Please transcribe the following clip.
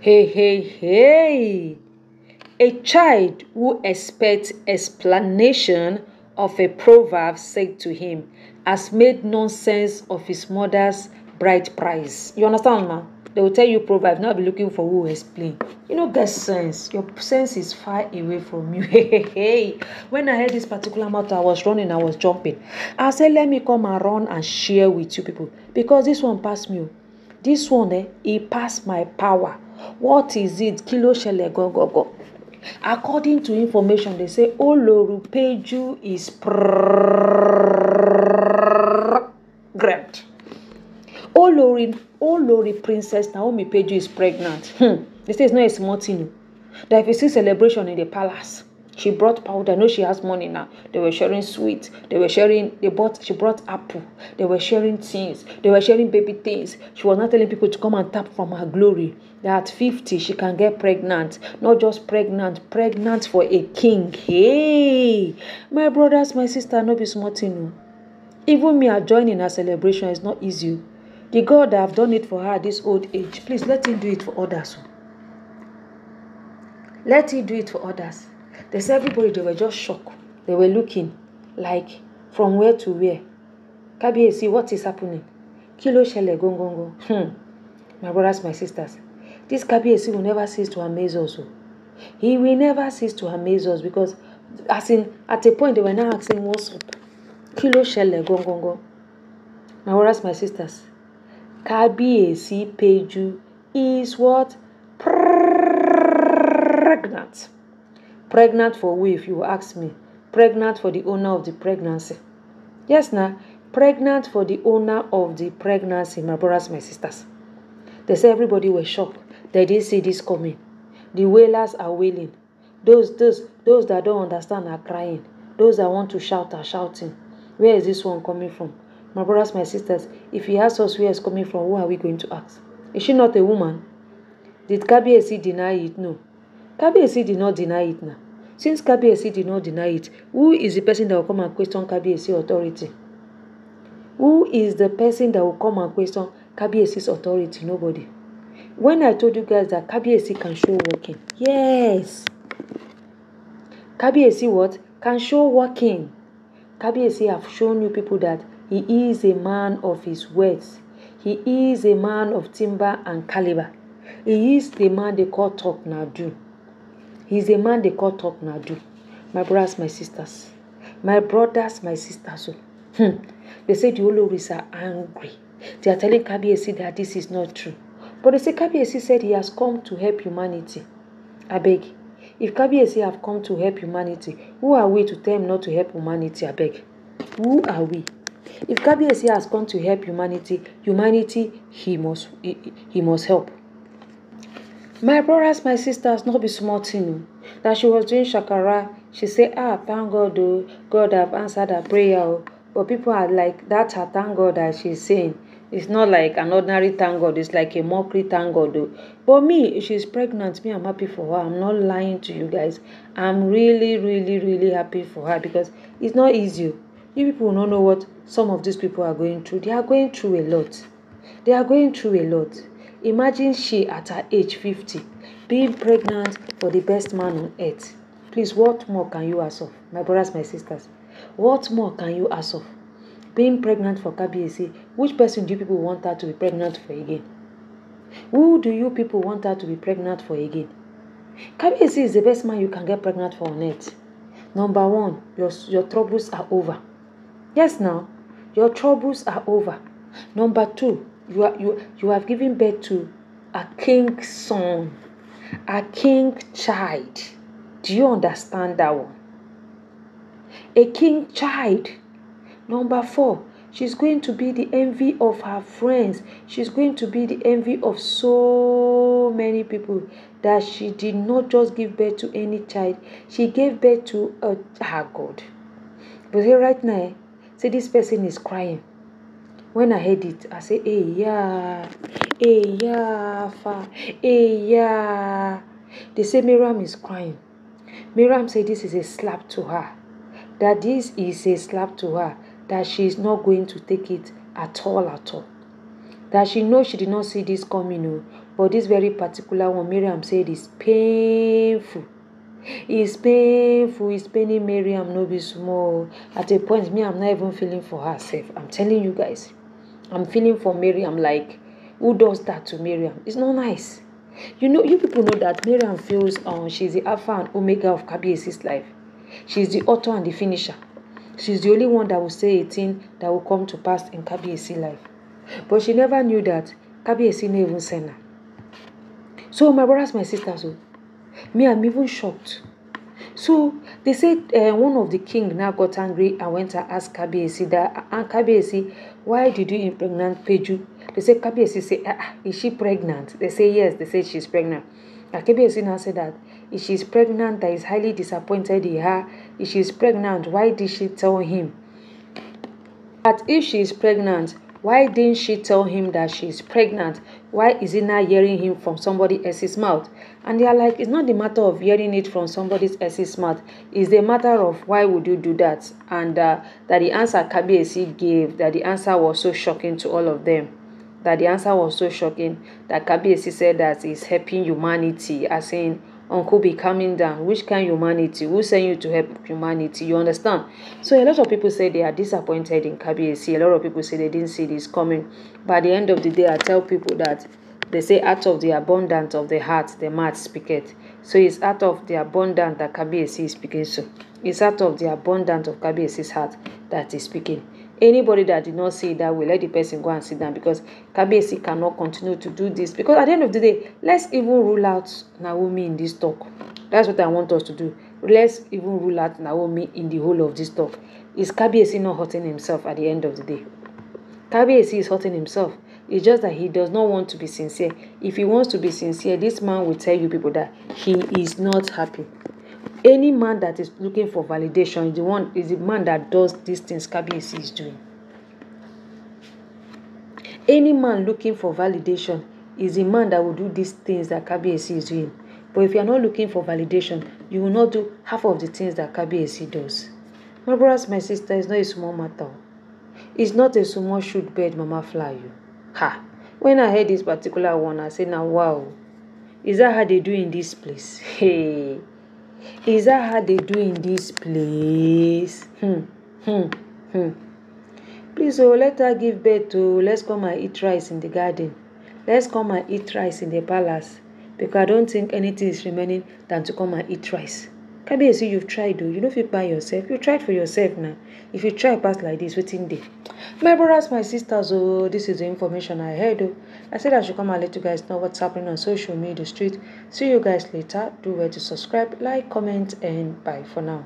Hey, hey, hey! A child who expects explanation of a proverb said to him has made nonsense of his mother's bright price. You understand, ma? They will tell you proverb, not be looking for who will explain. You know, get sense. Your sense is far away from you. Hey, hey, hey. When I heard this particular matter, I was running, I was jumping. I said, let me come and run and share with you people because this one passed me. Oh. This one, eh, it passed my power. What is it? Kí ló ṣẹlẹ̀ gangan? According to information, they say Olorupeju is pregnant. Olori, Olori Princess Naomi Peju is pregnant. Hmm. This is not a small thing. There is a celebration in the palace. She brought powder. I know she has money now. They were sharing sweets. They were sharing, they bought, she brought apple. They were sharing things. They were sharing baby things. She was not telling people to come and tap from her glory. That at fifty, she can get pregnant. Not just pregnant, pregnant for a king. Hey! My brothers, my sister, no be smarting. Oh. Even me joining her celebration is not easy. Oh. The God that have done it for her at this old age, please let him do it for others. Oh. Let him do it for others. They said everybody, they were just shocked. They were looking like from where to where. Kabi Kábíyèsí, what is happening? Kí ló ṣẹlẹ̀ gongongo? Hmm. My brothers, my sisters, this Kabi Kábíyèsí will never cease to amaze us. Oh. He will never cease to amaze us because as in at a point they were now asking what's up. Kí ló ṣẹlẹ̀ gongongo? My brothers, my sisters, Kabi Kábíyèsí Peju is what? Pregnant. Pregnant for who, if you ask me? Pregnant for the owner of the pregnancy. Yes, now, pregnant for the owner of the pregnancy, my brothers, my sisters. They say everybody was shocked. They didn't see this coming. The wailers are wailing. Those, those, those that don't understand are crying. Those that want to shout are shouting. Where is this one coming from? My brothers, my sisters, if he asks us where it's coming from, who are we going to ask? Is she not a woman? Did Kabiesi deny it? No. Kabiyesi did not deny it now. Since Kabiyesi did not deny it, who is the person that will come and question Kabiyesi authority? Who is the person that will come and question Kabiyesi's authority? Nobody. When I told you guys that Kabiyesi can show working, yes. Kabiyesi what? Can show working? Kabiyesi have shown you people that he is a man of his words. He is a man of timber and caliber. He is the man they call talk now do. He's a man they call talk Nadu. My brothers, my sisters. My brothers, my sisters. Oh. Hmm. They say the Oloris are angry. They are telling Kabiesi that this is not true. But they say Kabiesi said he has come to help humanity. I beg. If Kabiesi have come to help humanity, who are we to tell him not to help humanity? I beg. Who are we? If Kabiesi has come to help humanity, humanity he must he, he must help. My brothers, my sisters, not be smarting. Oh. That she was doing shakara, she said, ah, thank God, though. God have answered her prayer. Oh. But people are like, that's her thank God that she's saying. It's not like an ordinary thank God. It's like a mockery thank God, though. But me, she's pregnant. Me, I'm happy for her. I'm not lying to you guys. I'm really, really, really happy for her because it's not easy. Oh. You people don't know what some of these people are going through. They are going through a lot. They are going through a lot. Imagine she at her age 50 being pregnant for the best man on earth. Please, what more can you ask of? My brothers, my sisters, what more can you ask of? Being pregnant for KBAC, which person do you people want her to be pregnant for again? Who do you people want her to be pregnant for again? KBAC is the best man you can get pregnant for on earth. Number one, your, your troubles are over. Yes, now, your troubles are over. Number two, you are you you have given birth to a king's son, a king child. Do you understand that one? A king child. Number four, she's going to be the envy of her friends. She's going to be the envy of so many people that she did not just give birth to any child, she gave birth to a, her God. But here, right now, see, this person is crying. When I heard it, I say, "Hey yeah, hey yeah, fa, hey yeah." They say Miriam is crying. Miriam said this is a slap to her, that this is a slap to her, that she is not going to take it at all, at all. That she knows she did not see this coming, no, oh, but this very particular one, Miriam said, is painful. It's painful, it's paining Miriam, no be small. At a point, me, I'm not even feeling for herself. I'm telling you guys. I'm feeling for Miriam like, who does that to Miriam? It's not nice. You know, you people know that Miriam feels um, she's the Alpha and Omega of Kabiesi's life. She's the author and the finisher. She's the only one that will say a thing that will come to pass in Kabiesi's life. But she never knew that Kabiesi never sent her. So, my brothers, my sisters, oh, me, I'm even shocked So they said uh, one of the king now got angry and went and asked Kabiyesi that, and ah, ah, Kabiyesi, why did you impregnate Peju? They said, Kabiyesi said, ah, ah is she pregnant? They say, yes. They say she's pregnant. And Kabiyesi now said that if she's pregnant, that is highly disappointed in her. If she's pregnant, why did she tell him? But if she is pregnant, why didn't she tell him that she is pregnant? Why is he not hearing him from somebody else's mouth? And they are like, it's not the matter of hearing it from somebody's else's mouth. It's the matter of why would you do that? And uh, that the answer Kabiesi gave, that the answer was so shocking to all of them. That the answer was so shocking that Kabiesi said that it's helping humanity, as in, Uncle be coming down. Which kind humanity? Who sent you to help humanity? You understand? So a lot of people say they are disappointed in Kabiesi. A lot of people say they didn't see this coming. By the end of the day, I tell people that They say out of the abundance of the heart, the mouth speaketh. So it's out of the abundance that Kabiyesi is speaking. So it's out of the abundance of Kabiyesi's heart that is speaking. Anybody that did not see that will let the person go and sit down because Kabiyesi cannot continue to do this. Because at the end of the day, let's even rule out Naomi in this talk. That's what I want us to do. Let's even rule out Naomi in the whole of this talk. Is Kabiyesi not hurting himself at the end of the day? Kabiyesi is hurting himself It's just that he does not want to be sincere. If he wants to be sincere, this man will tell you people that he is not happy. Any man that is looking for validation is the one is the man that does these things KBC is doing. Any man looking for validation is the man that will do these things that KBC is doing. But if you are not looking for validation, you will not do half of the things that KBC does. My brothers, my sister, it's not a small matter. It's not a small shoot bed, Mama Fly you. Ha! when I heard this particular one I say now wow Is that how they do in this place? Hey! Is that how they do in this place? Hmm, hmm, hmm. Please oh let her give birth to. Oh, let's come and eat rice in the garden. Let's come and eat rice in the palace because I don't think anything is remaining than to come and eat rice. Kabiyesi you've tried o oh, you know if you buy yourself you tried for yourself na if you try pass like this wetin dey. My brothers my sisters oh, this is the information I heard o oh. I said I should come and let you guys know what's happening on social media street see you guys later do where to subscribe like comment and bye for now.